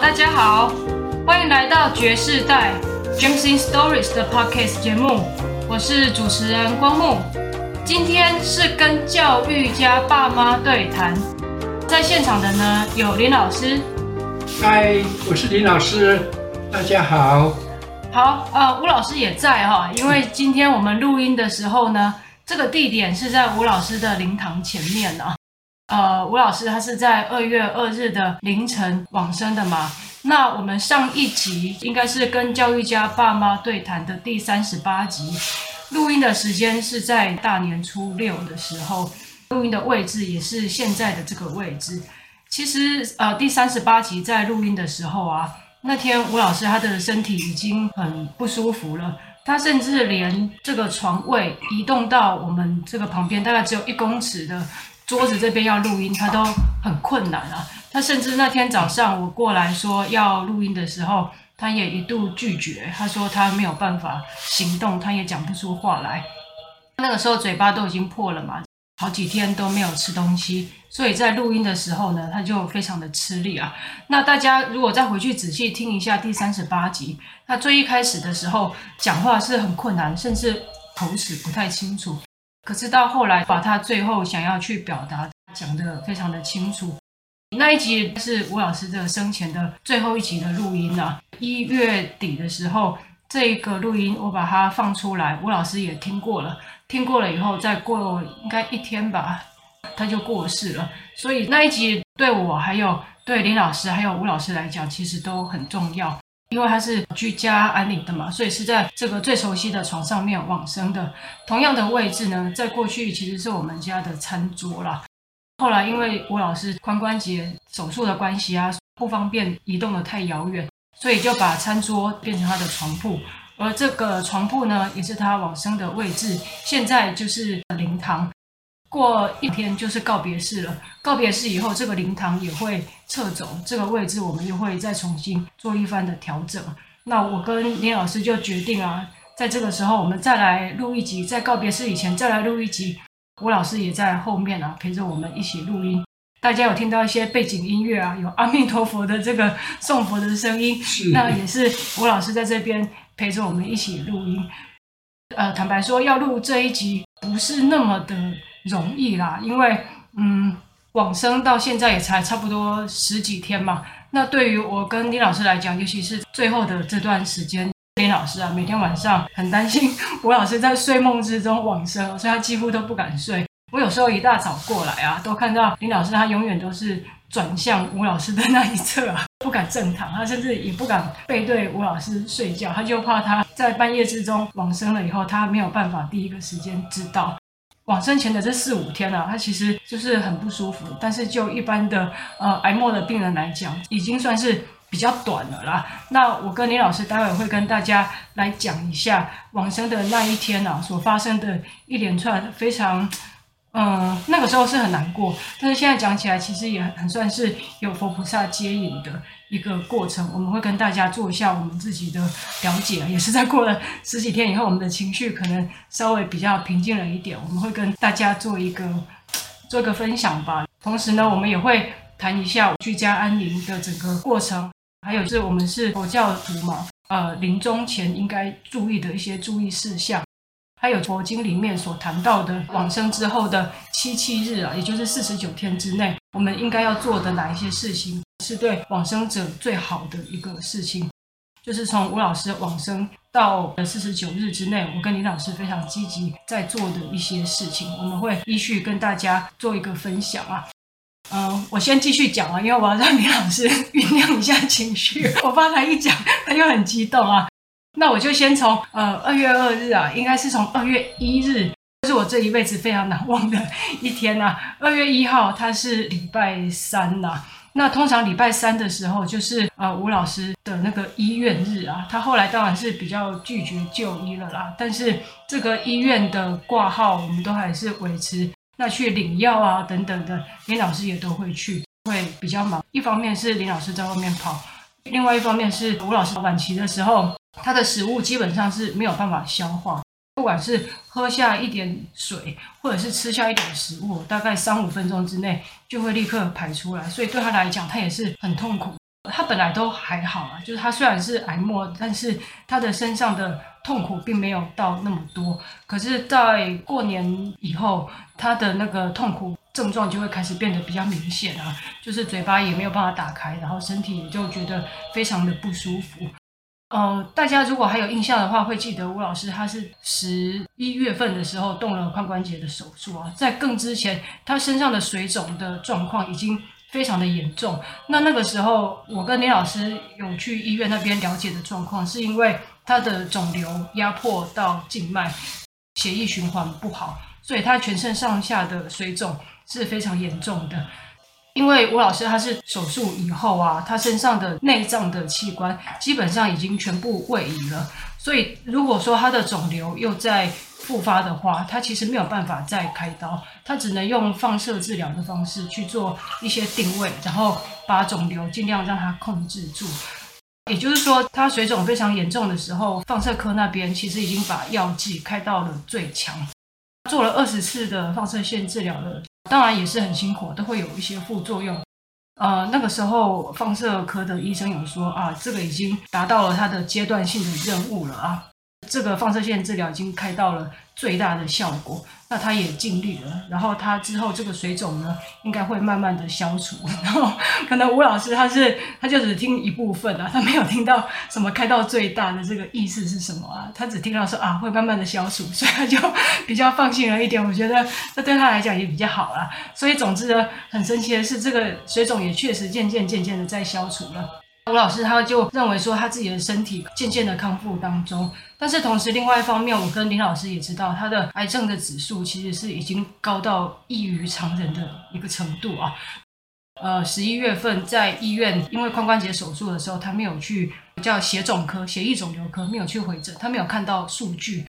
大家好，歡迎來到《覺世代 Gems in Stories》的 podcast 節目，我是主持人光目。今天是跟教育家爸媽對談，在現場的呢有林老師。嗨，我是林老師，大家好。好，呃，吳老師也在哈、哦，因為今天我們錄音的時候呢，這個地點是在吳老師的靈堂前面啊、哦。呃，吳老師他是在二月二日的凌晨往生的嘛。那我們上一集應該是跟教育家爸媽對談的第三十八集，錄音的時間是在大年初六的時候，錄音的位置也是現在的這個位置。其實呃，第三十八集在錄音的時候啊，那天吳老師他的身體已經很不舒服了，他甚至連這個床位移動到我們這個旁邊，大概只有一公尺的，桌子這邊要錄音，他都很困難啊。他甚至那天早上我過來說要錄音的時候，他也一度拒絕。他說他沒有辦法行動，他也講不出話來。那個時候嘴巴都已經破了嘛，好幾天都沒有吃東西，所以在錄音的時候呢，他就非常的吃力啊。那大家如果再回去仔細聽一下第三十八集，那最一開始的時候講話是很困難，甚至口齒不太清楚。可是到後來，把他最後想要去表達講得非常的清楚。那一集是吳老師的生前的最後一集的錄音了。一月底的時候，這個錄音我把它放出來，吳老師也聽過了。聽過了以後，再過應該一天吧，他就過世了。所以那一集對我還有對林老師還有吳老師來講，其實都很重要。因為他是居家安寧的嘛，所以是在這個最熟悉的床上面往生的。同樣的位置呢，在過去其實是我們家的餐桌啦。後來因為吳老師髖關節手術的關係啊，不方便移動得太遙遠，所以就把餐桌變成他的床鋪。而這個床鋪呢，也是他往生的位置，現在就是靈堂。過一天就是告別式了，告別式以後，這個靈堂也會撤走，這個位置我們又會再重新做一番的調整。那我跟林老師就決定啊，在這個時候我們再來錄一集，在告別式以前再來錄一集。吳老師也在後面啊，陪着我們一起錄音。大家有聽到一些背景音樂啊，有阿彌陀佛的這個送佛的聲音，那也是吳老師在這邊陪着我們一起錄音。呃，坦白說，要錄這一集不是那麼的。容易啦，因為嗯，往生到現在也才差不多十幾天嘛。那對於我跟林老師來講，尤其是最後的這段時間，林老師啊，每天晚上很擔心吳老師在睡夢之中往生，所以他幾乎都不敢睡。我有時候一大早過來啊，都看到林老師，他永遠都是轉向吳老師的那一側啊，不敢正躺，他甚至也不敢背對吳老師睡覺，他就怕他在半夜之中往生了以後，他沒有辦法第一個時間知道。往生前的這四五天啊，他其實就是很不舒服，但是就一般的呃癌末的病人來講，已經算是比較短了啦。那我跟林老師待會會跟大家來講一下往生的那一天啊，所發生的一連串非常。嗯，那個時候是很難過，但是現在講起來，其實也還算是有佛菩薩接引的一個過程。我們會跟大家做一下我們自己的了解，也是在過了十幾天以後，我們的情緒可能稍微比較平靜了一點。我們會跟大家做一個做一個分享吧，同時呢，我們也會談一下居家安寧的整個過程，還有是我們是佛教徒嘛，呃，臨終前應該注意的一些注意事項。還有佛經裡面所談到的往生之後的七七日啊，也就是四十九天之內，我們應該要做的哪一些事情，是對往生者最好的一個事情，就是從吳老師往生到四十九日之內，我跟林老師非常積極在做的一些事情，我們會依序跟大家做一個分享啊。嗯、呃，我先繼續講啊，因為我要讓林老師醞釀一下情緒，我剛才一講他就很激動啊。那我就先從呃二月二日啊，應該是從二月一日，這、就是我這一輩子非常難忘的一天啊。二月一號它是禮拜三吶、啊，那通常禮拜三的時候就是呃吳老師的那個醫院日啊，他後來當然是比較拒絕就醫了啦，但是這個醫院的掛號我們都還是維持，那去領藥啊等等的，林老師也都會去，會比較忙。一方面是林老師在外面跑。另外一方面是吳老師晚期的時候，他的食物基本上是沒有辦法消化，不管是喝下一點水，或者是吃下一點食物，大概三五分鐘之內就會立刻排出來，所以對他來講，他也是很痛苦。他本來都還好啊，就是他雖然是癌末，但是他的身上的痛苦並沒有到那麼多。可是在過年以後，他的那個痛苦，症狀就會開始變得比較明顯啊，就是嘴巴也沒有辦法打開，然後身體也就覺得非常的不舒服。呃，大家如果還有印象的話，會記得吳老師他是十一月份的時候動了髖關節的手術啊，在更之前，他身上的水腫的狀況已經非常的嚴重。那那個時候，我跟林老師有去醫院那邊了解的狀況，是因為他的腫瘤壓迫到靜脈，血液循環不好。所以他全身上下的水腫是非常嚴重的，因為吳老師他是手術以後啊，他身上的內臟的器官基本上已經全部位移了，所以如果說他的腫瘤又在復發的話，他其實沒有辦法再開刀，他只能用放射治療的方式去做一些定位，然後把腫瘤盡量讓它控制住。也就是說，他水腫非常嚴重的時候，放射科那邊其實已經把藥劑開到了最強。做了二十次的放射線治療了，當然也是很辛苦，都會有一些副作用。呃，那個時候放射科的醫生有說啊，這個已經達到了他的階段性的任務了啊。這個放射線治療已經開到了最大的效果，那他也盡力了。然後他之後這個水腫呢，應該會慢慢的消除。然後可能吳老師他是他就只聽一部分啊，他沒有聽到什麼開到最大的這個意思是什麼啊，他只聽到說啊會慢慢的消除，所以他就比較放心了一點。我覺得這對他來講也比較好啦。所以總之呢，很神奇的是這個水腫也確實漸漸漸漸的在消除了。吳老師他就認為說，他自己的身體漸漸的康復當中，但是同時另外一方面，我跟林老師也知道他的癌症的指數其實是已經高到異於常人的一個程度啊。呃，十一月份在醫院因為髖關節手術的時候，他沒有去叫血腫科、血液腫瘤科，沒有去回診，他沒有看到數據。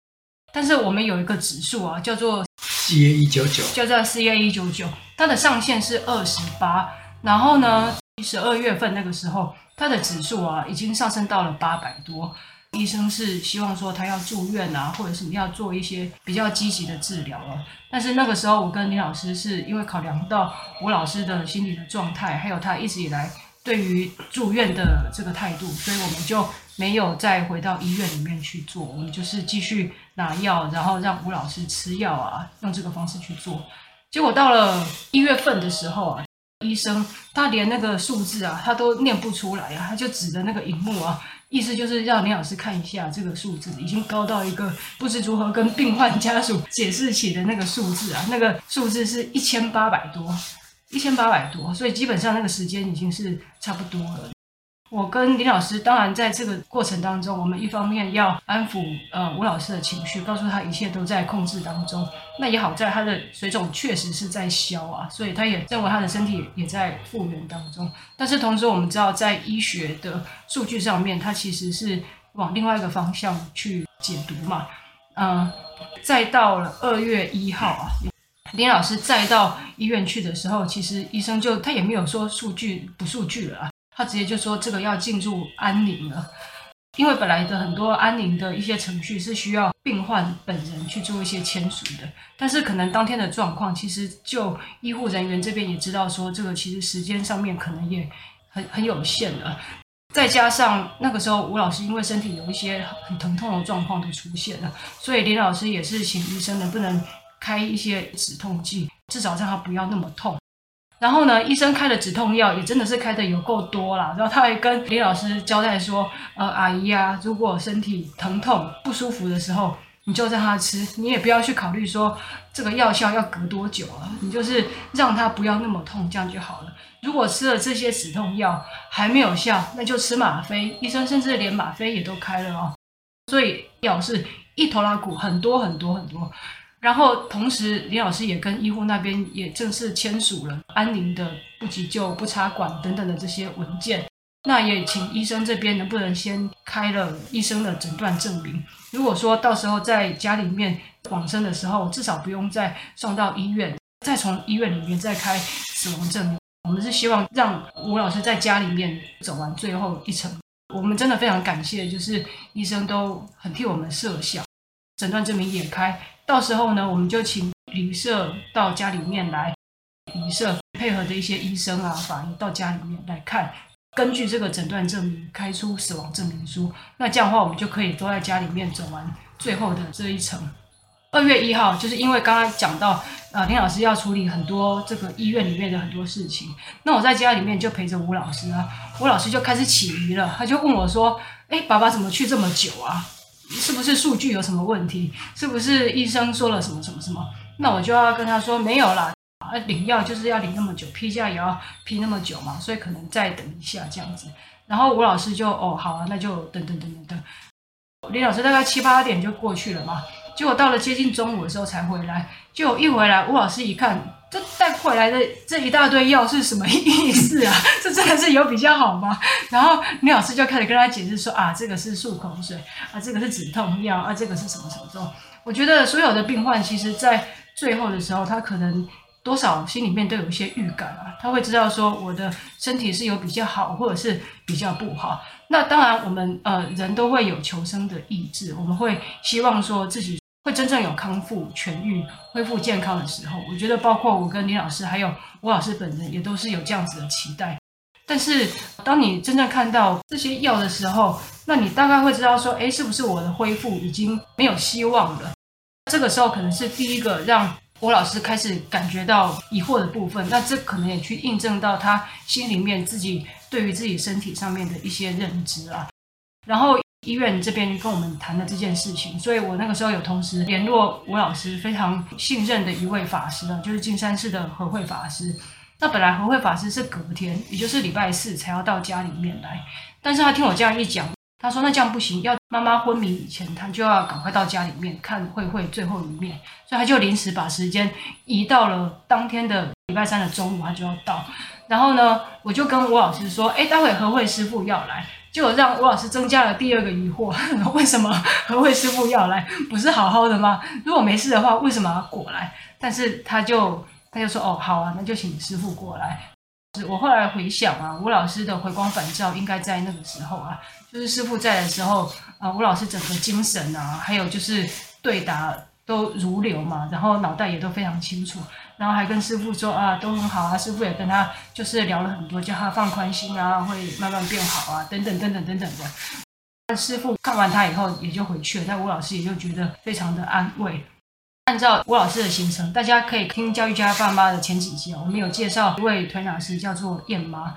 但是我們有一個指數啊，叫做 C A 一九九，叫做 C A 一九九，它的上限是二十八，然後呢，嗯十二月份那個時候，他的指數啊已經上升到了八百多。醫生是希望說他要住院啊，或者是你要做一些比較積極的治療了，啊。但是那個時候，我跟林老師是因為考量不到吳老師的心理的狀態，還有他一直以來對於住院的這個態度，所以我們就沒有再回到醫院裡面去做。我們就是繼續拿藥，然後讓吳老師吃藥啊，用這個方式去做。結果到了一月份的時候啊。醫生，他連那個數字啊，他都念不出來啊，他就指着那個熒幕啊，意思就是讓林老師看一下這個數字，已經高到一個不知如何跟病患家屬解釋起的那個數字啊，那個數字是一千八百多，一千八百多，所以基本上那個時間已經是差不多了。我跟林老師，當然在這個過程當中，我們一方面要安撫呃吳老師的情緒，告訴他一切都在控制當中。那也好在他的水腫確實是在消啊，所以他也認為他的身體也在復原當中。但是同時我們知道，在醫學的數據上面，他其實是往另外一個方向去解讀嘛。嗯、呃，再到了二月一號啊，林老師再到醫院去的時候，其實醫生就他也沒有說數據不數據了啊。他直接就說這個要進入安寧了，因為本來的很多安寧的一些程序是需要病患本人去做一些簽署的，但是可能當天的狀況，其實就醫護人員這邊也知道說，這個其實時間上面可能也很很有限了。再加上那個時候吳老師因為身體有一些很疼痛的狀況都出現了，所以林老師也是請醫生能不能開一些止痛劑，至少讓他不要那麼痛。然後呢，醫生開的止痛藥也真的是開的有夠多了。然後他還跟林老師交代說，呃，阿姨啊，如果身體疼痛不舒服的時候，你就讓他吃，你也不要去考慮說這個藥效要隔多久了，啊，你就是讓他不要那麼痛，這樣就好了。如果吃了這些止痛藥還沒有效，那就吃嗎啡。醫生甚至連嗎啡也都開了啊、哦。所以藥是一頭拉骨，很多很多很多。很多然後，同時林老師也跟醫護那邊也正式簽署了安寧的不急救、不插管等等的這些文件。那也請醫生這邊能不能先開了醫生的診斷證明？如果說到時候在家裡面往生的時候，至少不用再送到醫院，再從醫院裡面再開死亡證明。我們是希望讓吳老師在家裡面走完最後一程。我們真的非常感謝，就是醫生都很替我們設想，診斷證明也開。到時候呢，我們就請禮儀社到家裡面來，禮儀社配合的一些醫生啊、法醫到家裡面來看，根據這個診斷證明開出死亡證明書。那這樣的話，我們就可以都在家裡面走完最後的這一程。二月一號，就是因為剛剛講到啊、呃，林老師要處理很多這個醫院裡面的很多事情，那我在家裡面就陪着吳老師啊，吳老師就開始起疑了，他就問我說：“哎，爸爸怎麼去這麼久啊？”是不是數據有什麼問題？是不是醫生說了什麼什麼什麼？那我就要跟他說，沒有啦。啊，領藥就是要領那麼久，批價也要批價那麼久嘛，所以可能再等一下這樣子。然後吳老師就哦，好啊，那就等等等等等。林老師大概七八點就過去了嘛，結果到了接近中午的時候才回來。結果一回來，吳老師一看。這帶回來的這一大堆藥是什麼意思啊？ 這真的是有比較好嗎？然後倪老師就開始跟他解釋說啊，這個是漱口水啊，這個是止痛藥啊，這個是什麼什麼這種。我覺得所有的病患其實在最後的時候，他可能多少心裡面都有一些預感啊，他會知道說我的身體是有比較好或者是比較不好。那當然我們呃人都會有求生的意志，我們會希望說自己會真正有康復、痊癒、恢復健康的時候，我覺得包括我跟林老師，還有吳老師本人，也都是有這樣子的期待。但是，當你真正看到這些藥的時候，那你大概會知道說，誒，是不是我的恢復已經沒有希望了？這個時候，可能是第一個讓吳老師開始感覺到疑惑的部分。那這可能也去印證到他心裡面自己對於自己身體上面的一些認知啊。然後。醫院這邊跟我們談的這件事情，所以我那個時候有同時聯絡吳老師非常信任的一位法師啊，就是金山寺的和慧法師。那本來和慧法師是隔天，也就是禮拜四才要到家裡面來，但是他聽我這樣一講，他說那這樣不行，要媽媽昏迷以前，他就要趕快到家裡面看慧慧最後一面，所以他就臨時把時間移到了當天的禮拜三的中午，他就要到。然後呢，我就跟吳老師說，哎，待會和慧師父要來。就讓吳老師增加了第二個疑惑：為什麼何謂師傅要來？不是好好的嗎？如果沒事的話，為什麼要過來？但是他就他就說：“哦，好啊，那就請師傅過來。”我後來回想啊，吳老師的回光返照應該在那個時候啊，就是師傅在的時候啊，呃，吳老師整個精神啊，還有就是對答都如流嘛，然後腦袋也都非常清楚。然後還跟師傅說啊，都很好啊，師傅也跟他就是聊了很多，叫他放寬心啊，會慢慢變好啊，等等等等等等的。但師傅看完他以後也就回去了，但吳老師也就覺得非常的安慰。按照吳老師的行程，大家可以聽《教育家爸媽》的前幾集哦，我們有介紹一位推拿師叫做燕媽。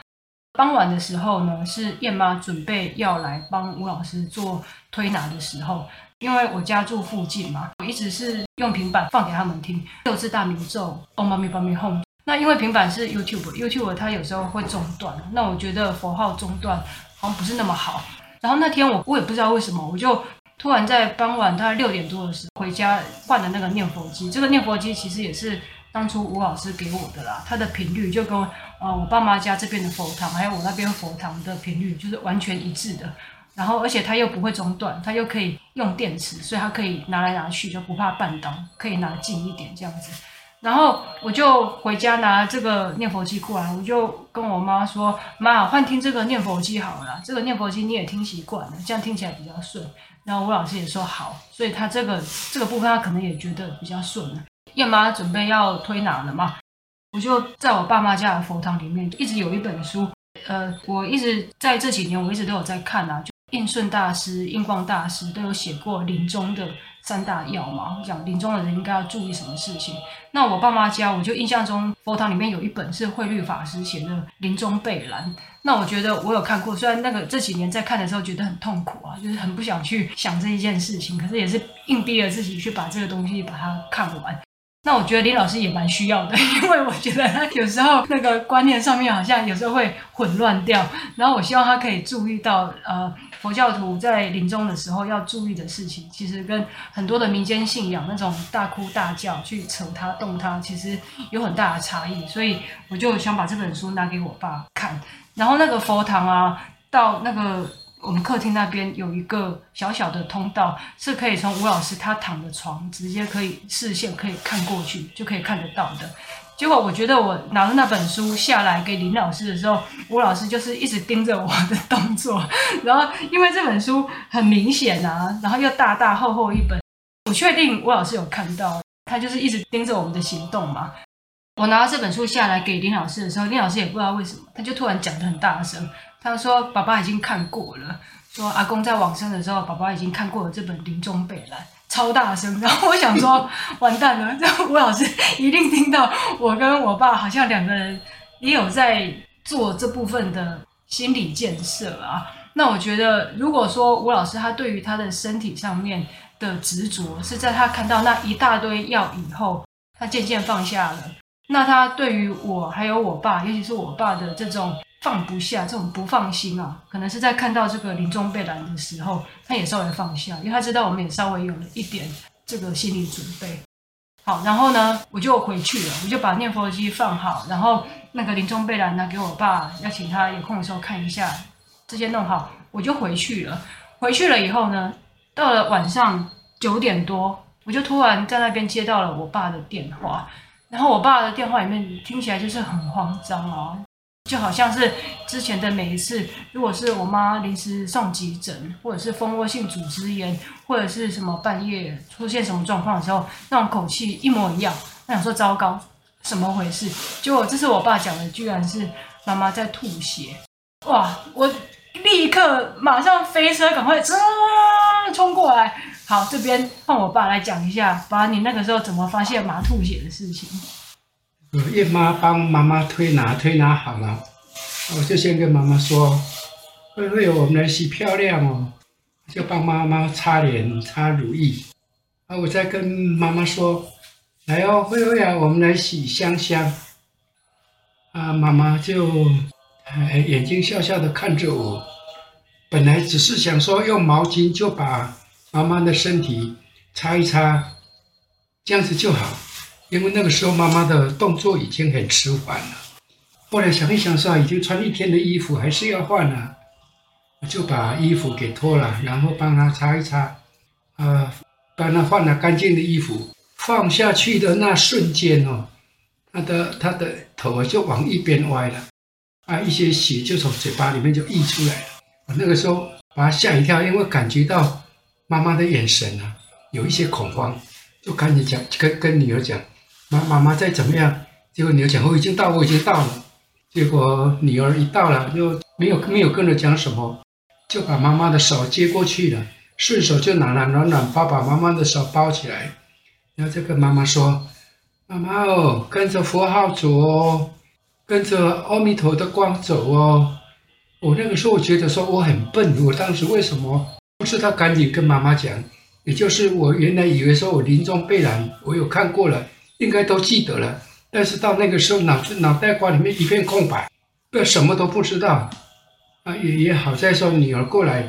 傍晚的時候呢，是燕媽準備要來幫吳老師做推拿的時候。因為我家住附近嘛，我一直是用平板放給他們聽《六字大明咒》。哦，媽咪，媽咪 home。那因為平板是 YouTube，YouTube 它 YouTube 有時候會中斷。那我覺得佛號中斷好像不是那麼好。然後那天我我也不知道為什麼，我就突然在傍晚大概六點多的時候回家換了那個念佛機。這個念佛機其實也是當初吳老師給我的啦，它的頻率就跟我呃我爸媽家這邊的佛堂還有我那邊佛堂的頻率就是完全一致的。然後，而且它又不會中斷，它又可以用電池，所以它可以拿來拿去，就不怕絆倒，可以拿近一點這樣子。然後我就回家拿這個念佛機過來，我就跟我媽說：“媽，換聽這個念佛機好了啦，這個念佛機你也聽習慣了，這樣聽起來比較順。”然後吳老師也說好，所以他這個這個部分他可能也覺得比較順了。因為媽準備要推拿了嘛，我就在我爸媽家的佛堂裡面一直有一本書，呃，我一直在這幾年我一直都有在看啊。就印順大師、印光大師都有寫過臨終的三大要嘛，講臨終的人應該要注意什麼事情。那我爸媽家，我就印象中佛堂裡面有一本是慧律法師寫的《臨終備覽》。那我覺得我有看過，雖然那個這幾年在看的時候覺得很痛苦啊，就是很不想去想這一件事情，可是也是硬逼了自己去把這個東西把它看完。那我覺得林老師也蠻需要的，因為我覺得他有時候那個觀念上面好像有時候會混亂掉，然後我希望他可以注意到呃。佛教徒在臨終的時候要注意的事情，其實跟很多的民間信仰那種大哭大叫去扯他動他，其實有很大的差異。所以我就想把這本書拿給我爸看。然後那個佛堂啊，到那個我們客廳那邊有一個小小的通道，是可以從吳老師他躺的床直接可以視線可以看過去，就可以看得到的。結果我覺得我拿了那本書下來給林老師的時候，吳老師就是一直盯着我的動作，然後因為這本書很明顯啊，然後又大大厚厚一本，我確定吳老師有看到，他就是一直盯着我們的行動嘛。我拿到這本書下來給林老師的時候，林老師也不知道為什麼，他就突然講得很大聲，他說：“爸爸已經看過了，說阿公在往生的時候，爸爸已經看過了這本臨終備覽。”超大聲，然後我想說，完蛋了，吳 老師一定聽到我跟我爸好像兩個人也有在做這部分的心理建設啊。那我覺得，如果說吳老師他對於他的身體上面的執着是在他看到那一大堆藥以後，他漸漸放下了，那他對於我還有我爸，尤其是我爸的這種。放不下這種不放心啊，可能是在看到這個臨終備覽的時候，他也稍微放下，因為他知道我們也稍微有了一點這個心理準備。好，然後呢，我就回去了，我就把念佛機放好，然後那個臨終備覽呢，給我爸要請他有空的時候看一下，這些弄好，我就回去了。回去了以後呢，到了晚上九點多，我就突然在那邊接到了我爸的電話，然後我爸的電話裡面聽起來就是很慌張哦。就好像是之前的每一次，如果是我媽臨時上急診，或者是蜂窩性組織炎，或者是什麼半夜出現什麼狀況的時候，那種口氣一模一樣。那想說糟糕，什麼回事？結果這是我爸講的，居然是媽媽在吐血。哇！我立刻馬上飛車趕，趕快衝過來。好，這邊換我爸來講一下，把你那個時候怎麼發現媽吐血的事情。夜媽幫媽媽推拿，推拿好了，我就先跟媽媽說：“慧慧，我們來洗漂亮哦。”就幫媽媽擦臉、擦乳液。啊，我再跟媽媽說：“來哦，慧慧啊，我們來洗香香。”啊，媽媽就，哎，眼睛笑笑的看着我。本來只是想說用毛巾就把媽媽的身體擦一擦，這樣子就好。因為那個時候媽媽的動作已經很遲緩了。後來想一想說，已經穿一天的衣服，還是要換了啊，我就把衣服給脫了，然後幫她擦一擦，呃，幫她換了乾淨的衣服。放下去的那瞬間哦，她的她的頭就往一邊歪了，啊，一些血就從嘴巴裡面就溢出來了。我那個時候把她嚇一跳，因為感覺到媽媽的眼神啊有一些恐慌，就趕緊講，跟跟女兒講。媽，媽媽再怎麼樣，結果女兒講，我已經到，我已經到了。結果女兒一到了，又沒有沒有跟她講什麼，就把媽媽的手接過去了，順手就拿了暖暖爸爸媽媽的手包起來，然後就跟媽媽說：“媽媽哦，跟着佛號走哦，跟着阿彌陀的光走哦。”我那個時候我覺得說我很笨，我當時為什麼不知道趕緊跟媽媽講？也就是我原來以為說我臨終備覽，我有看過了。應該都記得了，但是到那個時候，腦子腦袋瓜裡面一片空白，要什麼都不知道啊！也也好在說女兒過來，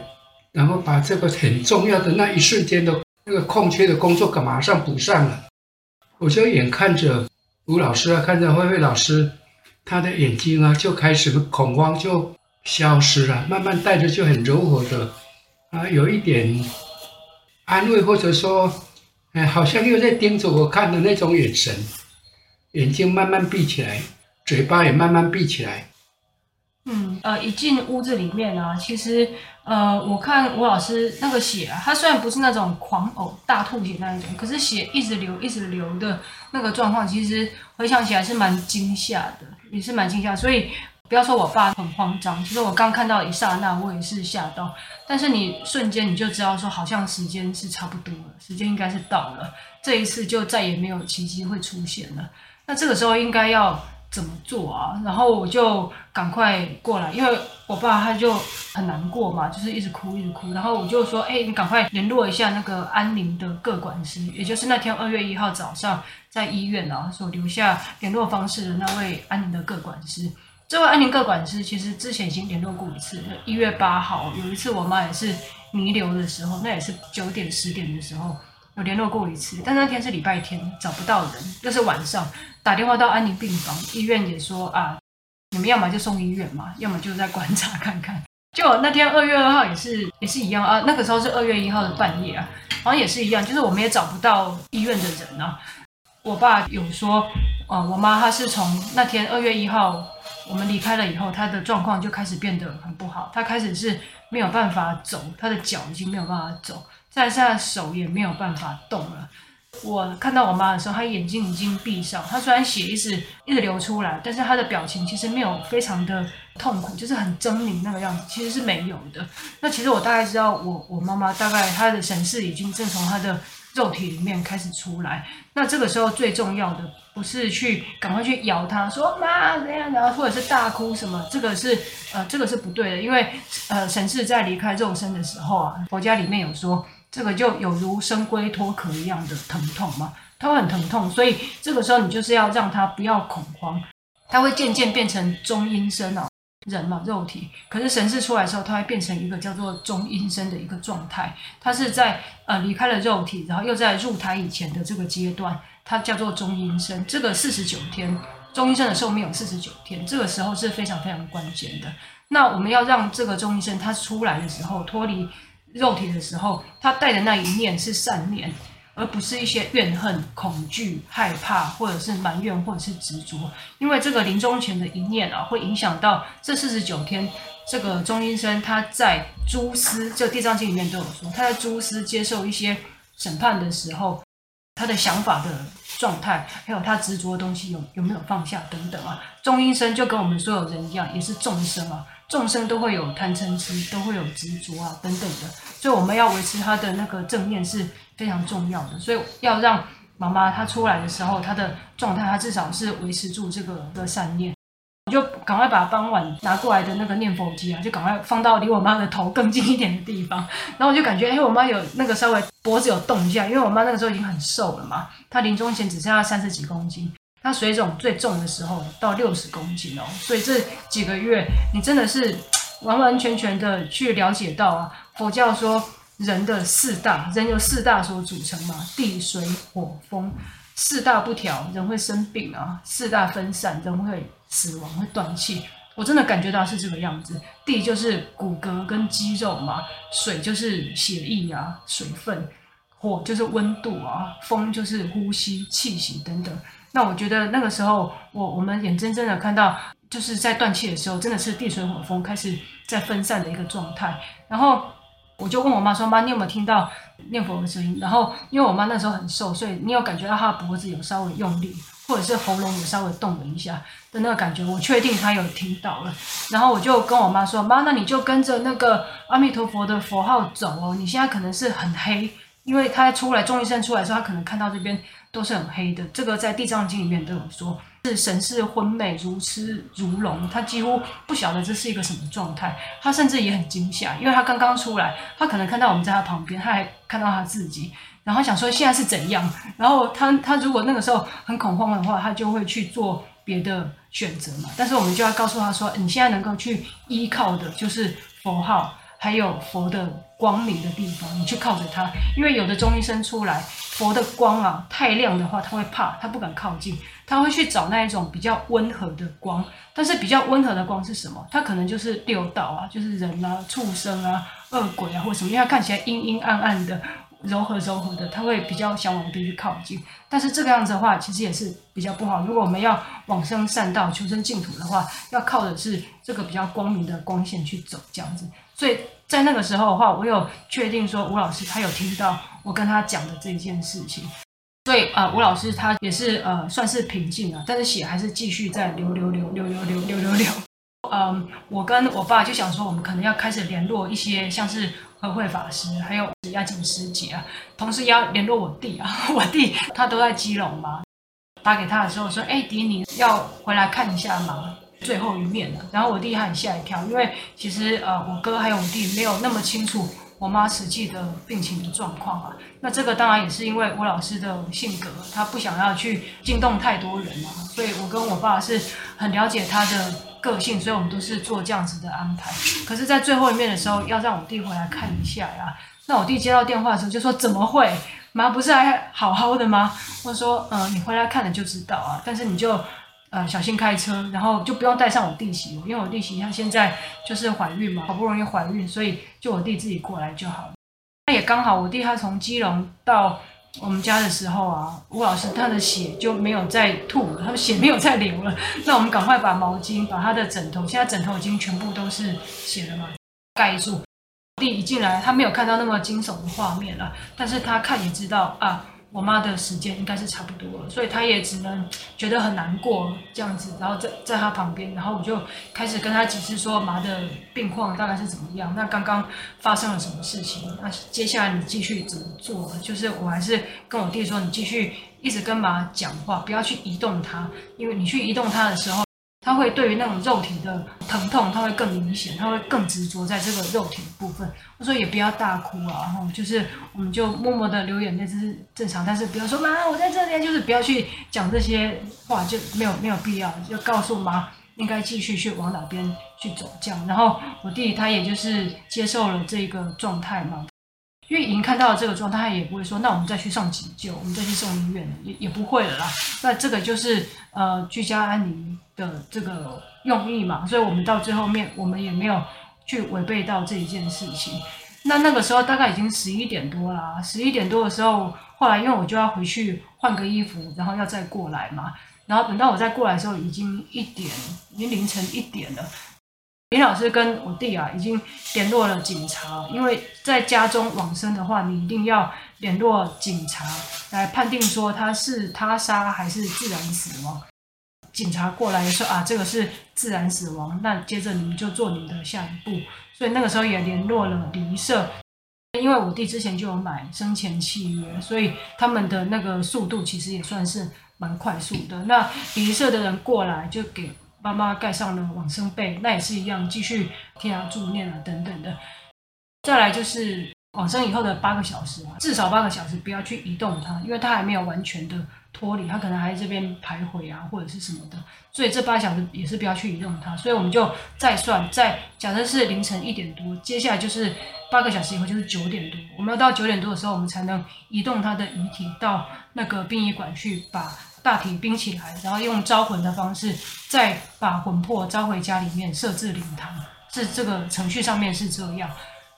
然後把這個很重要的那一瞬間的那個空缺的工作給馬上補上了。我就眼看着吳老師啊，看着慧慧老師，他的眼睛啊就開始恐慌就消失了，慢慢帶着就很柔和的啊，有一點安慰或者說。哎，好像又在盯着我看的那種眼神，眼睛慢慢閉起來，嘴巴也慢慢閉起來。嗯，呃，一進屋子裡面啊，其實，呃，我看吳老師那個血啊，他雖然不是那種狂嘔、大吐血那一種，可是血一直流、一直流的那個狀況，其實回想起來是蠻驚嚇的，也是蠻驚嚇。所以不要說我爸很慌張，其實我剛看到一剎那，我也是嚇到。但是你瞬間你就知道說，好像時間是差不多了，時間應該是到了。這一次就再也沒有奇蹟會出現了。那這個時候應該要怎麼做啊？然後我就趕快過來，因為我爸他就很難過嘛，就是一直哭一直哭。然後我就說，哎、欸，你趕快聯絡一下那個安寧的個管師，也就是那天二月一號早上在醫院啊所留下聯絡方式的那位安寧的個管師。這位安寧個管師其實之前已經聯絡過一次了，一月八號有一次，我媽也是彌留的時候，那也是九點十點的時候有聯絡過一次，但那天是禮拜天，找不到人，又、就是晚上，打電話到安寧病房，醫院也說啊，你們要麼就送醫院嘛，要麼就再觀察看看。就那天二月二號也是也是一樣啊，那個時候是二月一號的半夜啊，好像也是一樣，就是我們也找不到醫院的人啊。我爸有說，啊、呃，我媽她是從那天二月一號。我們離開了以後，他的狀況就開始變得很不好。他開始是沒有辦法走，他的腳已經沒有辦法走，再是他的手也沒有辦法動了。我看到我媽的時候，她眼睛已經閉上。她雖然血一直一直流出來，但是她的表情其實沒有非常的痛苦，就是很猙獰那個樣子，其實是沒有的。那其實我大概知道，我我媽媽大概她的神識已經正從她的。肉體裡面開始出來，那這個時候最重要的不是去趕快去搖他，說媽這樣，然後或者是大哭什麼，這個是呃這個是不對的，因為呃神識在離開肉身的時候啊，佛家裡面有說，這個就有如生龜脫殼一樣的疼痛嘛，他會很疼痛，所以這個時候你就是要讓他不要恐慌，他會漸漸變成中陰身哦、啊。人嘛，肉體。可是神識出來的時候，它會變成一個叫做中陰身的一個狀態。它是在呃離開了肉體，然後又在入胎以前的這個階段，它叫做中陰身。這個四十九天，中陰身的壽命有四十九天，這個時候是非常非常關鍵的。那我們要讓這個中陰身他出來的時候，脫離肉體的時候，他帶的那一念是善念。而不是一些怨恨、恐懼、害怕，或者是埋怨，或者是執着因為這個臨終前的一念啊，會影響到這四十九天。這個中陰身他在諸司，就、這個《地藏經》裡面都有說，他在諸司接受一些審判的時候，他的想法的狀態，還有他執着的東西有有沒有放下等等啊。中陰身就跟我們所有人一樣，也是眾生啊。眾生都會有貪嗔癡，都會有執着啊等等的，所以我們要維持他的那個正念是非常重要的。所以要讓媽媽她出來的時候，她的狀態，她至少是維持住這個的、這個、善念。我就趕快把傍晚拿過來的那個念佛機啊，就趕快放到離我媽的頭更近一點的地方。然後我就感覺，哎、欸，我媽有那個稍微脖子有動一下，因為我媽那個時候已經很瘦了嘛，她臨終前只剩下三十幾公斤。那水腫最重的時候到六十公斤哦，所以這幾個月你真的是完完全全的去了解到啊，佛教說人的四大，人由四大所組成嘛，地水火風四大不調，人會生病啊，四大分散，人會死亡，會斷氣。我真的感覺到是這個樣子，地就是骨骼跟肌肉嘛，水就是血液啊、水分，火就是溫度啊，風就是呼吸氣息等等。那我覺得那個時候，我我們眼睜睜的看到，就是在斷氣的時候，真的是地水火風開始在分散的一個狀態。然後我就問我媽說：“媽，你有沒有聽到念佛的聲音？”然後因為我媽那時候很瘦，所以你有感覺到她的脖子有稍微用力，或者是喉嚨有稍微動了一下的那個感覺，我確定她有聽到了。然後我就跟我媽說：“媽，那你就跟着那個阿彌陀佛的佛號走哦。你現在可能是很黑，因為她出來，鍾醫生出來的時候，她可能看到這邊。”都是很黑的，這個在《地藏經》裡面都有說，是神識昏昧，如痴如聾，他幾乎不曉得這是一個什麼狀態，他甚至也很驚嚇，因為他剛剛出來，他可能看到我們在他旁邊，他還看到他自己，然後想說現在是怎樣，然後他他如果那個時候很恐慌的話，他就會去做別的選擇嘛，但是我們就要告訴他說，你現在能夠去依靠的就是佛號，還有佛的。光明的地方，你去靠着它，因為有的中陰身出來，佛的光啊，太亮的話，他會怕，他不敢靠近，他會去找那一種比較溫和的光。但是比較溫和的光是什麼？他可能就是六道啊，就是人啊、畜生啊、惡鬼啊或什麼，因為它看起來陰陰暗暗的、柔和柔和的，他會比較想往那邊去靠近。但是這個樣子的話，其實也是比較不好。如果我們要往生善道、求生淨土的話，要靠的是這個比較光明的光線去走，這樣子，所以。在那個時候的話，我有確定說吳老師他有聽到我跟他講的這一件事情，所以啊、呃，吳老師他也是呃算是平靜了、啊，但是血還是繼續在流流流流流流流流流。嗯，我跟我爸就想說，我們可能要開始聯絡一些像是和慧法師，還有亞錦師姐啊，同時要聯絡我弟啊，我弟他都在基隆嘛，打給他的時候說，哎，弟，你要回來看一下嗎？最後一面了，然後我弟還嚇一跳，因為其實呃，我哥還有我弟沒有那麼清楚我媽實際的病情的狀況啊。那這個當然也是因為吳老師的性格，他不想要去驚動太多人嘛、啊，所以我跟我爸是很了解他的個性，所以我們都是做這樣子的安排。可是，在最後一面的時候，要讓我弟回來看一下呀、啊。那我弟接到電話的時候就說：“怎麼會？媽不是還好好的嗎？”我說：“嗯、呃，你回來看了就知道啊。”但是你就。呃，小心開車，然後就不用帶上我弟媳，因為我弟媳她現在就是懷孕嘛，好不容易懷孕，所以就我弟自己過來就好了。那也剛好，我弟他從基隆到我們家的時候啊，吳老師他的血就沒有再吐了，他的血沒有再流了。那我們趕快把毛巾、把他的枕頭，現在枕頭已經全部都是血了嘛，蓋住。我弟一進來，他沒有看到那麼驚悚的畫面了，但是他看也知道啊。我媽的時間應該是差不多了，所以她也只能覺得很難過這樣子，然後在在她旁邊，然後我就開始跟她解釋說媽的病況大概是怎麼樣，那剛剛發生了什麼事情，那、啊、接下來你繼續怎麼做？就是我還是跟我弟說，你繼續一直跟媽講話，不要去移動她，因為你去移動她的時候。他會對於那種肉體的疼痛，他會更明顯，他會更執着在這個肉體的部分。我說也不要大哭啊，然後就是我們就默默的流眼淚，這是正常。但是不要說媽，我在這邊，就是不要去講這些話，就沒有沒有必要，要，就告訴媽應該繼續去往哪邊去走這樣。然後我弟他也就是接受了這個狀態嘛。因為已經看到了這個狀態，他也不會說，那我們再去上急救，我們再去送醫院，也也不會了啦。那這個就是呃居家安寧的這個用意嘛，所以我們到最後面，我們也沒有去違背到這一件事情。那那個時候大概已經十一點多啦，十一點多的時候，後來因為我就要回去換個衣服，然後要再過來嘛，然後等到我再過來的時候，已經一點，已經凌晨一點了。林老師跟我弟啊，已經聯絡了警察，因為在家中往生的話，你一定要聯絡警察來判定說他是他殺還是自然死亡。警察過來的時候啊，這個是自然死亡，那接着你們就做你們的下一步。所以那個時候也聯絡了禮儀社，因為我弟之前就有買生前契約，所以他們的那個速度其實也算是蠻快速的。那禮儀社的人過來就給。媽媽蓋上了往生被，那也是一樣，繼續替他助念啊等等的。再來就是往生以後的八個小時啊，至少八個小時不要去移動它，因為它還沒有完全的脫離，它可能還在這邊徘徊啊或者是什麼的，所以這八小時也是不要去移動它。所以我們就再算，再假設是凌晨一點多，接下來就是八個小時以後就是九點多，我們要到九點多的時候我們才能移動它的遺體到那個殯儀館去把。大體冰起來，然後用招魂的方式，再把魂魄招回家裡面，設置靈堂。這這個程序上面是這樣。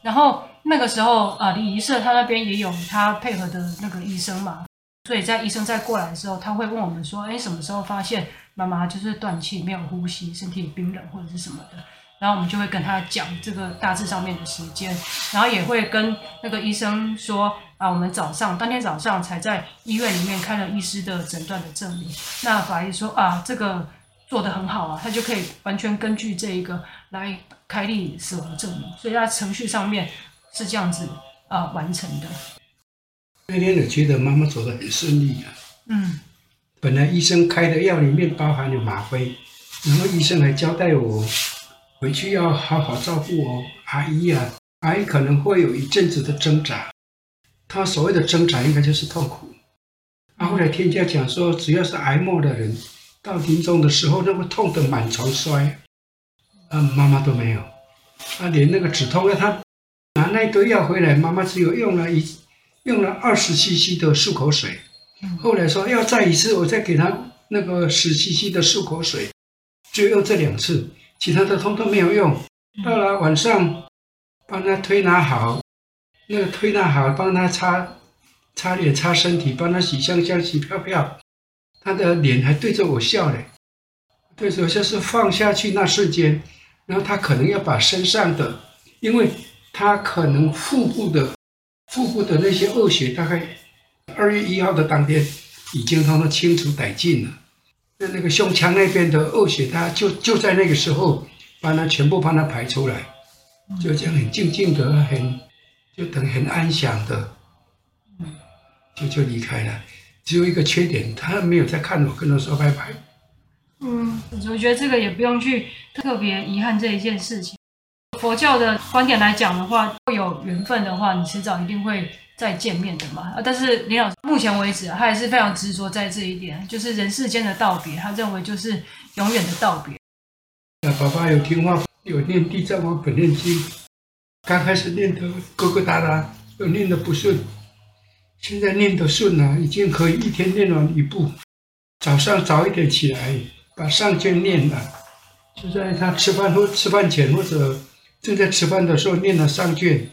然後那個時候啊，禮儀社他那邊也有他配合的那個醫生嘛，所以在醫生再過來的時候，他會問我們說：“誒，什麼時候發現媽媽就是斷氣、沒有呼吸、身體冰冷或者是什麼的？”然後我們就會跟他講這個大致上面的時間，然後也會跟那個醫生說。啊，我們早上當天早上才在醫院裡面開了醫師的診斷的證明。那法醫說啊，這個做得很好啊，他就可以完全根據這一個來開立死亡證明。所以，他程序上面是這樣子啊完成的。那天我覺得媽媽走得很順利啊。嗯。本來醫生開的藥裡面包含了嗎啡，然後醫生還交代我回去要好好照顧我，阿姨啊，阿姨可能會有一陣子的掙扎。他所謂的掙扎應該就是痛苦啊。然後來聽人家講說，只要是癌末的人，到臨終的時候，都會痛得滿床摔。啊，媽媽都沒有，啊，連那個止痛藥，啊，他拿那一堆藥回來，媽媽只有用了一用了二十 cc 的漱口水。後來說要再一次，我再給他那個十 cc 的漱口水，就用這兩次，其他的通通沒有用。到了晚上，幫他推拿好，那個推拿好，幫他擦擦臉、擦身體，幫他洗香香、洗漂漂，他的臉還對着我笑嘞。對，首先是放下去那瞬間，然後他可能要把身上的，因為他可能腹部的、腹部的那些惡血，大概二月一號的當天已經幫他清除殆盡了。那那個胸腔那邊的惡血，他就就在那個時候幫他全部幫他排出來，就這樣很靜靜的很。就等很安詳的，就就離開了。只有一個缺點，他沒有再看我，跟他說拜拜。嗯，我覺得這個也不用去特別遺憾這一件事情。佛教的觀點來講的話，如果有緣分的話，你遲早一定會再見面的嘛。但是林老師目前為止、啊，他也是非常執着在這一點，就是人世間的道別，他認為就是永遠的道別。那、啊、爸爸有聽話，有念地藏王本願經。剛開始念得疙疙瘩瘩，又念得不順，現在念得順了，已經可以一天念完一部。早上早一點起來，把上卷念了，就在他吃飯後、吃飯前或者正在吃飯的時候念了上卷。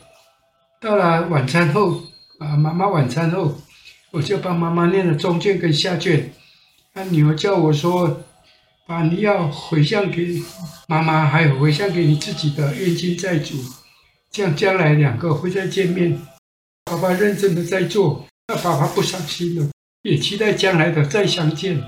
到了晚餐後，啊，媽媽晚餐後，我就幫媽媽念了中卷跟下卷。他女兒叫我說：“把你要回向給媽媽，還有回向給你自己的冤親債主。”像將來兩個會再見面，爸爸認真的在做，那爸爸不傷心了，也期待將來的再相見。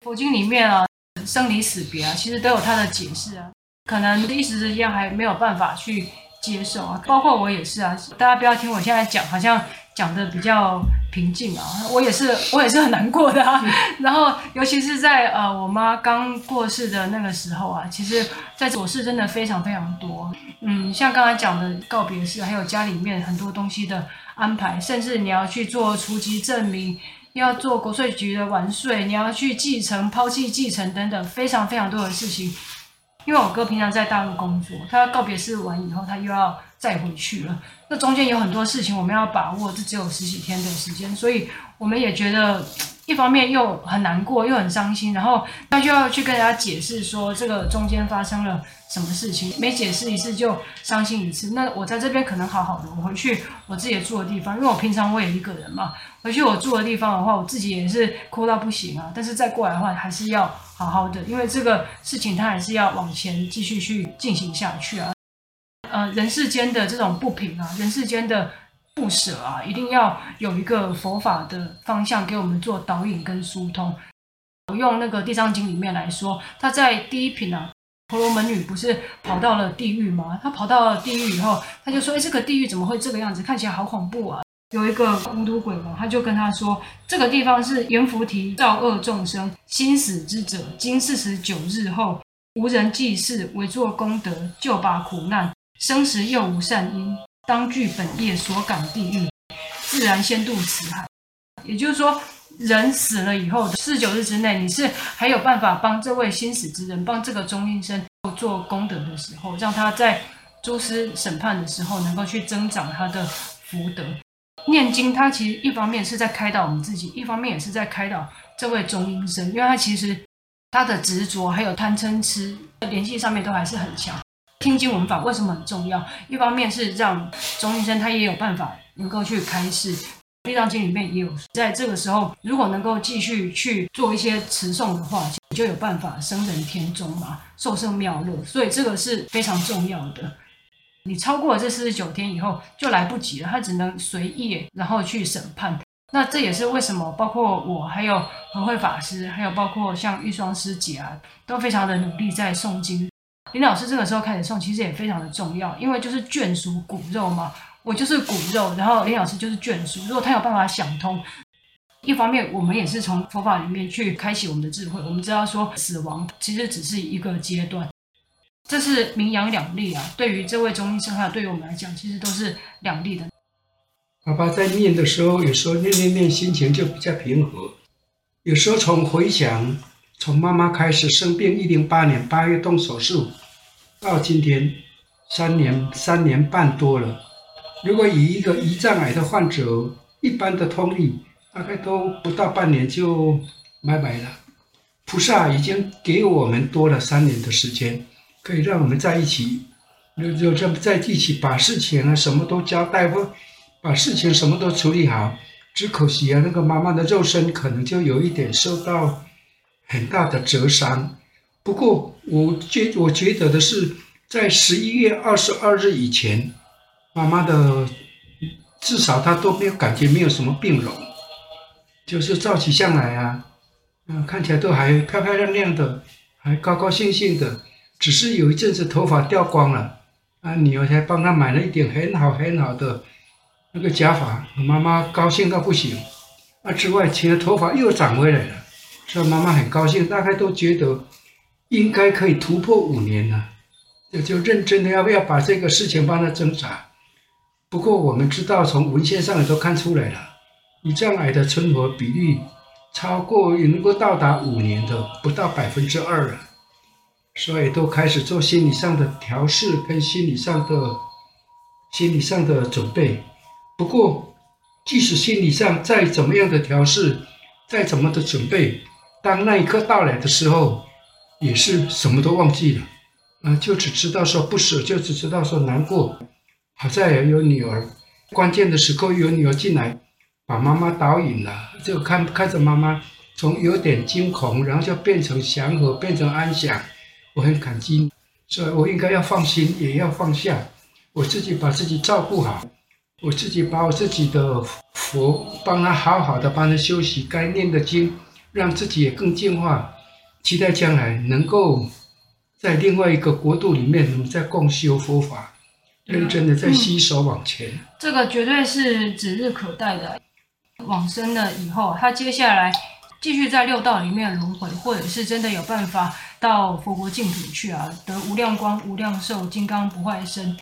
佛經裡面啊，生離死別啊，其實都有它的解釋啊，可能一時之間還沒有辦法去接受啊，包括我也是啊，大家不要聽我現在講，好像。講得比較平靜啊，我也是，我也是很難過的啊。然後，尤其是在呃我媽剛過世的那個時候啊，其實，在瑣事真的非常非常多。嗯，像剛才講的告別式，還有家裡面很多東西的安排，甚至你要去做除籍證明，要做國稅局的完稅，你要去繼承、拋棄繼承等等，非常非常多的事情。因為我哥平常在大陸工作，他告別式完以後，他又要再回去了。這中間有很多事情我們要把握，這只有十幾天的時間，所以我們也覺得一方面又很難過，又很傷心，然後那就要去跟人家解釋說這個中間發生了什麼事情，每解釋一次就傷心一次。那我在這邊可能好好的，我回去我自己住的地方，因為我平常我也一個人嘛，回去我住的地方的話，我自己也是哭到不行啊。但是再過來的話，還是要好好的，因為這個事情它還是要往前繼續去進行下去啊。人世間的這種不平啊，人世間的不捨啊，一定要有一個佛法的方向給我們做導引跟疏通。我用那個《地藏經》裡面來說，他在第一品啊，婆羅門女不是跑到了地獄嗎？她跑到了地獄以後，他就說：“哎，這個地獄怎麼會這個樣子？看起來好恐怖啊！”有一個無毒鬼嘛，他就跟他說：“這個地方是閻浮提造惡眾生新死之者，經四十九日後無人祭祀，為作功德，就把苦難。”生時又無善因，當據本業所感地獄，自然先度此海。也就是說，人死了以後的四九日之內，你是還有辦法幫這位新死之人，幫這個中陰身做功德的時候，讓他在諸司審判的時候，能夠去增長他的福德。念經，他其實一方面是在開導我們自己，一方面也是在開導這位中陰身，因為他其實他的執着還有貪嗔痴聯繫上面都還是很強。聽經聞法為什麼很重要？一方面是讓中陰身他也有辦法能夠去開示，地藏經裡面也有，在這個時候如果能夠繼續去做一些持誦的話，就有辦法生人天中嘛，受勝妙樂，所以這個是非常重要的。你超過了這四十九天以後就來不及了，他只能隨意然後去審判。那這也是為什麼，包括我還有和慧法師，還有包括像玉雙師姐啊，都非常的努力在誦經。林老師這個時候開始送，其實也非常的重要，因為就是眷屬骨肉嘛，我就是骨肉，然後林老師就是眷屬。如果他有辦法想通，一方面我們也是從佛法裡面去開啟我們的智慧，我們知道說死亡其實只是一個階段，這是冥陽兩利啊。對於這位中醫生還有對於我們來講，其實都是兩利的。爸爸在念的時候，有時候念念念，心情就比較平和；有時候從回想。從媽媽開始生病，一零八年八月動手術，到今天三年三年半多了。如果以一個胰臟癌的患者一般的通例，大概都不到半年就拜拜了。菩薩已經給我們多了三年的時間，可以讓我們在一起，就就再再一起把事情啊什麼都交代不，把事情什麼都處理好。只可惜啊，那個媽媽的肉身可能就有一點受到。很大的折傷，不過我覺我覺得的是，在十一月二十二日以前，媽媽的至少她都沒有感覺沒有什麼病容，就是照起相來啊，嗯、啊，看起來都還漂漂亮亮的，還高高興興的，只是有一陣子頭髮掉光了，啊，女兒才幫她買了一頂很好很好的那個假髮，媽媽高興到不行，啊，之外，其實頭髮又長回來了。所以媽媽很高興，大概都覺得應該可以突破五年了，啊，就就認真的要不要把這個事情幫他掙扎。不過我們知道，從文獻上也都看出來了，胰腺癌的存活比率超過也能夠到達五年的不到百分之二，所以都開始做心理上的調試跟心理上的心理上的準備。不過，即使心理上再怎麼樣的調試，再怎麼的準備。當那一刻到來的時候，也是什麼都忘記了，啊，就只知道說不舍，就只知道說難過。好在也有女兒，關鍵的時刻有女兒進來，把媽媽導引了，就看看着媽媽從有點驚恐，然後就變成祥和，變成安詳。我很感激，所以我應該要放心，也要放下，我自己把自己照顧好，我自己把我自己的佛幫他好好的，幫他休息，該念的經。讓自己也更進化，期待將來能夠在另外一個國度裡面，能再共修佛法，認真的在吸收往前。這個絕對是指日可待的。往生了以後，他接下來繼續在六道裡面輪迴，或者是真的有辦法到佛國淨土去啊，得無量光、無量壽、金剛不壞身，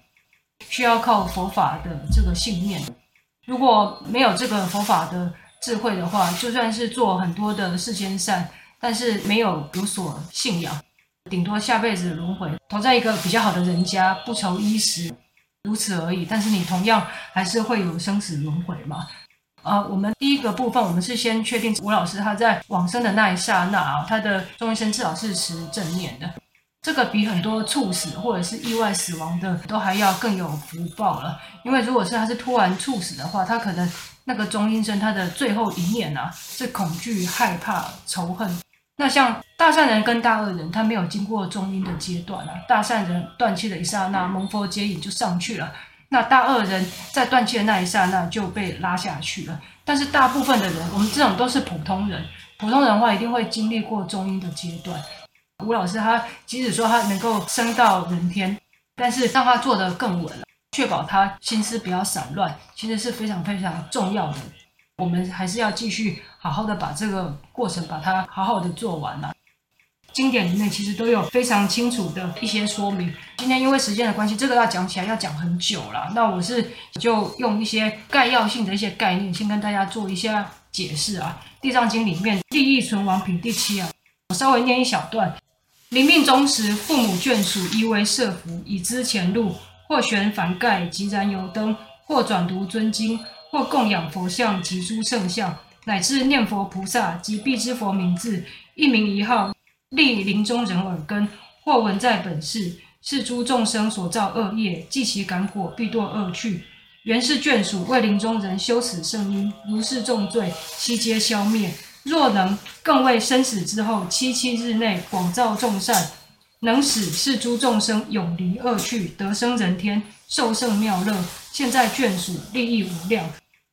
需要靠佛法的這個信念。如果沒有這個佛法的，智慧的話，就算是做很多的世間善，但是沒有有所信仰，頂多下輩子輪回投在一個比較好的人家，不愁衣食，如此而已。但是你同樣還是會有生死輪回嘛？啊、呃，我們第一個部分，我們是先確定吳老師他在往生的那一剎那啊，他的中陰身至少是持正念的，這個比很多猝死或者是意外死亡的都還要更有福報了，因為如果是他是突然猝死的話，他可能。那個中陰身，他的最後一念啊，是恐懼、害怕、仇恨。那像大善人跟大惡人，他沒有經過中陰的階段啊。大善人斷氣的一剎那，蒙佛接引就上去了；那大惡人在斷氣的那一剎那就被拉下去了。但是大部分的人，我們這種都是普通人，普通人的話一定會經歷過中陰的階段。吳老師他即使說他能夠升到人天，但是讓他做得更穩了。確保他心思比較散亂，其實是非常非常重要的。我們還是要繼續好好的把這個過程把它好好的做完了，啊。經典裡面其實都有非常清楚的一些說明。今天因為時間的關係，這個要講起來要講很久了。那我是就用一些概要性的一些概念，先跟大家做一下解釋啊。《地藏經》裡面利益存亡品第七啊，我稍微念一小段：臨命終時，父母眷屬依為設伏，以知前路。或懸幡蓋及燃油燈，或轉讀尊經，或供養佛像及諸聖像，乃至念佛菩薩及辟支佛名字，一名一號，歷臨終人耳根。或聞在本世是諸眾生所造惡業，計其感果必墮惡趣。緣是眷屬，為臨終人修此聖因，如是重罪，悉皆消滅。若能更為身死之後七七日內廣造眾善。能使是諸眾生永離惡趣，得生人天，受勝妙樂，現在眷屬利益無量。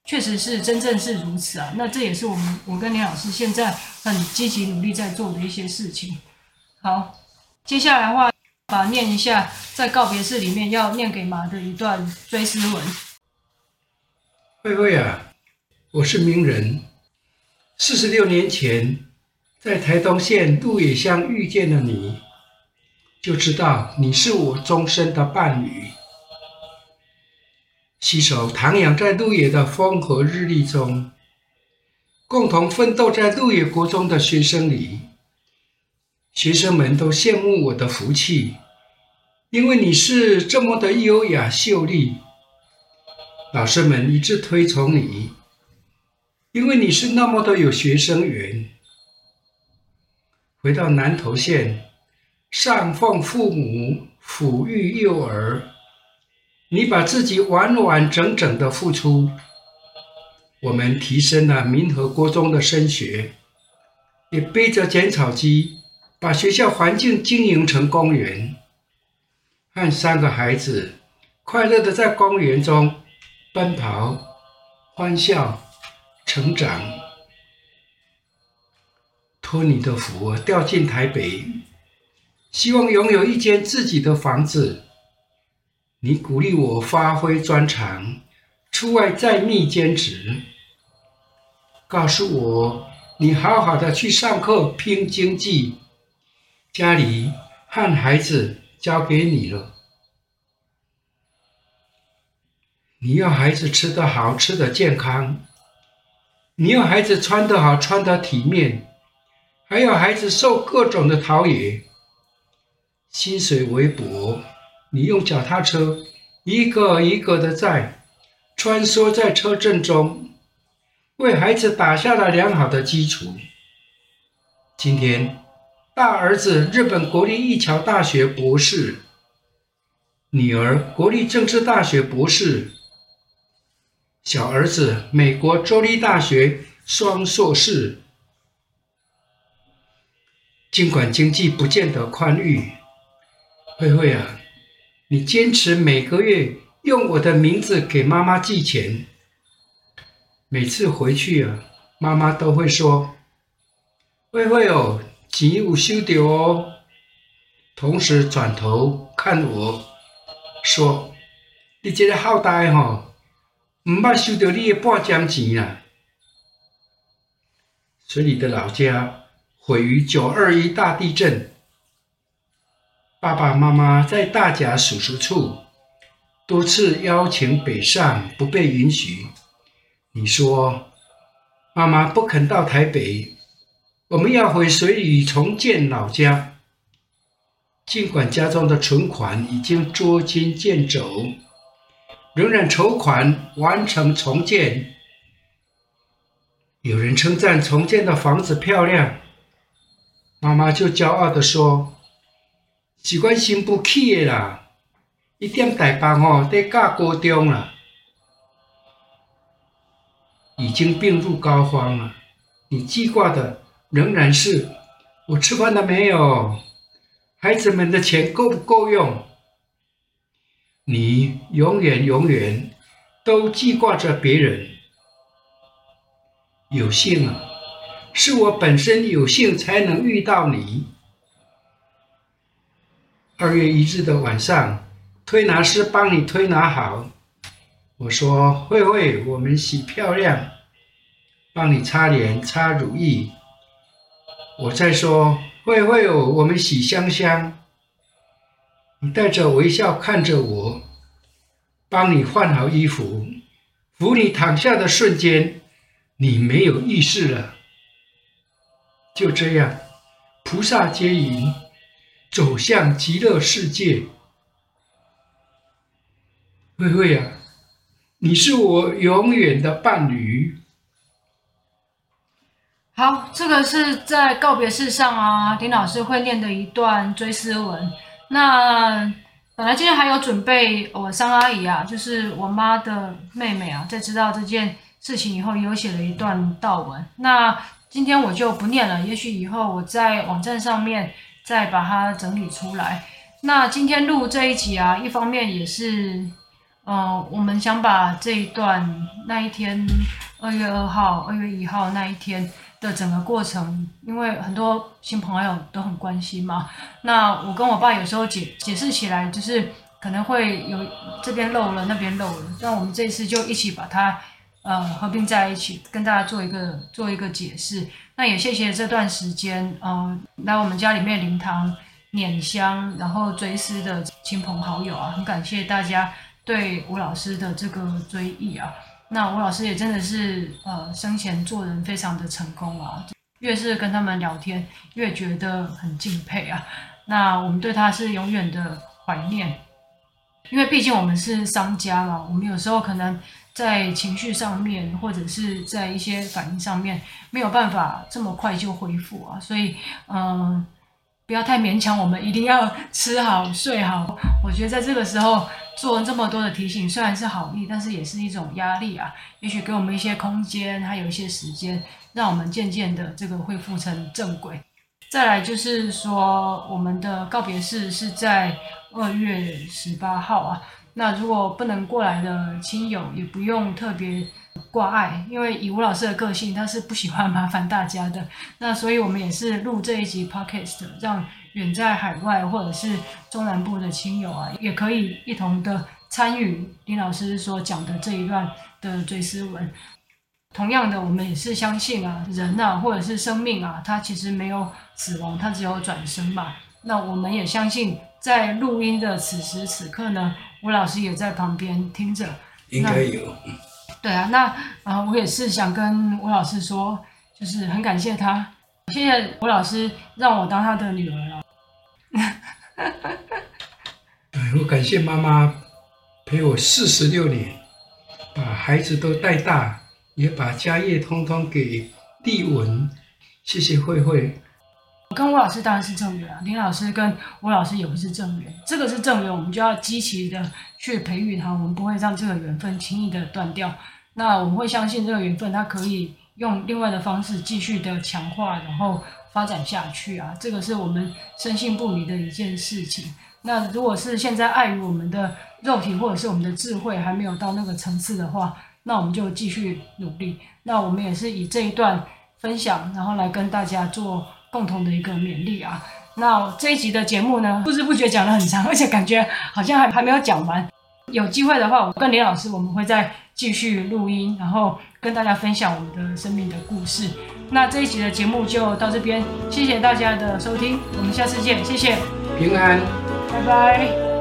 確實是，真正是如此啊！那這也是我們我們跟林老師現在很積極努力在做的一些事情。好，接下來的話，把念一下在告別式裡面要念給媽的一段追思文。慧慧啊，我是明仁，四十六年前在台東縣鹿野鄉遇見了你。就知道你是我終身的伴侶，攜手徜徉在鹿野的風和日麗中，共同奮鬥在鹿野國中的學生裡，學生們都羨慕我的福氣，因為你是這麼的優雅秀麗。老師們一致推崇你，因為你是那麼的有學生緣。回到南投縣。上奉父母，撫育幼兒，你把自己完完整整的付出。我們提升了民和國中的升學，也背着剪草機，把學校環境經營成公園，和三個孩子快樂的在公園中奔跑、歡笑、成長。托你的福，調進台北。希望擁有一間自己的房子。你鼓勵我發揮專長，出外再覓兼職。告訴我，你好好的去上課拼經濟，家裡和孩子交給你了。你要孩子吃得好，吃得健康；你要孩子穿得好，穿得體面；還有孩子受各種的陶冶。薪水微薄，你用腳踏車一個一個的在穿梭在車陣中，為孩子打下了良好的基礎。今天，大兒子日本國立一橋大學博士，女兒國立政治大學博士，小兒子美國州立大學雙碩士。儘管經濟不見得寬裕。慧慧啊，你堅持每個月用我的名字給媽媽寄錢，每次回去啊，媽媽都會說：“慧慧哦，錢有收的哦。”同時轉頭看我說：“你真好呆哦，唔捌收到你嘅半張錢啊。”水里的老家毀於九二一大地震。爸爸媽媽在大甲叔叔處多次邀請北上，不被允許。你說，媽媽不肯到台北，我們要回水里重建老家。儘管家中的存款已經捉襟見肘，仍然籌款完成重建。有人稱讚重建的房子漂亮，媽媽就驕傲地說。習慣性不妻了一點大伯吼得教高中啦，已經病入膏肓了。你記掛的仍然是我吃飯了沒有，孩子們的錢夠不夠用？你永遠永遠都記掛着別人。有幸啊，是我本身有幸才能遇到你。二月一日的晚上，推拿師幫你推拿好。我說：“慧慧，我們洗漂亮，幫你擦臉擦乳液。”我再說：“慧慧哦，我們洗香香。”你帶着微笑看着我，幫你換好衣服，扶你躺下的瞬間，你沒有意識了。就這樣，菩薩接引。走向極樂世界，慧慧啊，你是我永遠的伴侶。好，這個是在告別式上啊，林老師會念的一段追思文。那本來今天還有準備，我三阿姨啊，就是我媽的妹妹啊，在知道這件事情以後，也有寫了一段悼文。那今天我就不念了，也許以後我在網站上面。再把它整理出來。那今天錄這一集啊，一方面也是，呃，我們想把這一段那一天二月二號、二月一號那一天的整個過程，因為很多新朋友都很關心嘛。那我跟我爸有時候解解釋起來，就是可能會有這邊漏了、那邊漏了。那我們這次就一起把它。呃，合併在一起，跟大家做一個做一個解釋。那也謝謝這段時間，嗯、呃，來我們家裡面靈堂拈香，然後追思的親朋好友啊，很感謝大家對吳老師的這個追憶啊。那吳老師也真的是，呃，生前做人非常的成功啊。越是跟他們聊天，越覺得很敬佩啊。那我們對他是永遠的懷念，因為畢竟我們是商家嘛，我們有時候可能。在情緒上面，或者是在一些反應上面，沒有辦法這麼快就恢復啊，所以，嗯，不要太勉強，我們一定要吃好睡好。我覺得在這個時候做這麼多的提醒，雖然是好意，但是也是一種壓力啊。也許給我們一些空間，還有一些時間，讓我們漸漸的這個恢復成正軌。再來就是說，我們的告別式是在二月十八號啊。那如果不能過來的親友也不用特別掛礙，因為以吳老師的個性，他是不喜歡麻煩大家的。那所以我們也是錄這一集 podcast 讓遠在海外或者是中南部的親友啊，也可以一同的參與林老師所講的這一段的追思文。同樣的，我們也是相信啊，人啊，或者是生命啊，他其實沒有死亡，他只有轉身吧。那我們也相信，在錄音的此時此刻呢。吳老師也在旁邊聽着，應該有。對啊，那啊，我也是想跟吳老師說，就是很感謝他，謝謝吳老師讓我當他的女兒啊。 我感謝媽媽陪我四十六年，把孩子都帶大，也把家業通通給弟文。謝謝慧慧。跟我跟吳老師當然是正緣啊，林老師跟吳老師也不是正緣，這個是正緣，我們就要積極的去培育它，我們不會讓這個緣分輕易的斷掉。那我們會相信這個緣分，它可以用另外的方式繼續的強化，然後發展下去啊，這個是我們深信不疑的一件事情。那如果是現在礙於我們的肉體或者是我們的智慧還沒有到那個層次的話，那我們就繼續努力。那我們也是以這一段分享，然後來跟大家做。共同的一個勉勵啊！那這一集的節目呢，不知不覺講得很長，而且感覺好像還還沒有講完。有機會的話，我跟林老師，我們會再繼續錄音，然後跟大家分享我們的生命的故事。那這一集的節目就到這邊，謝謝大家的收聽，我們下次見，謝謝，平安，拜拜。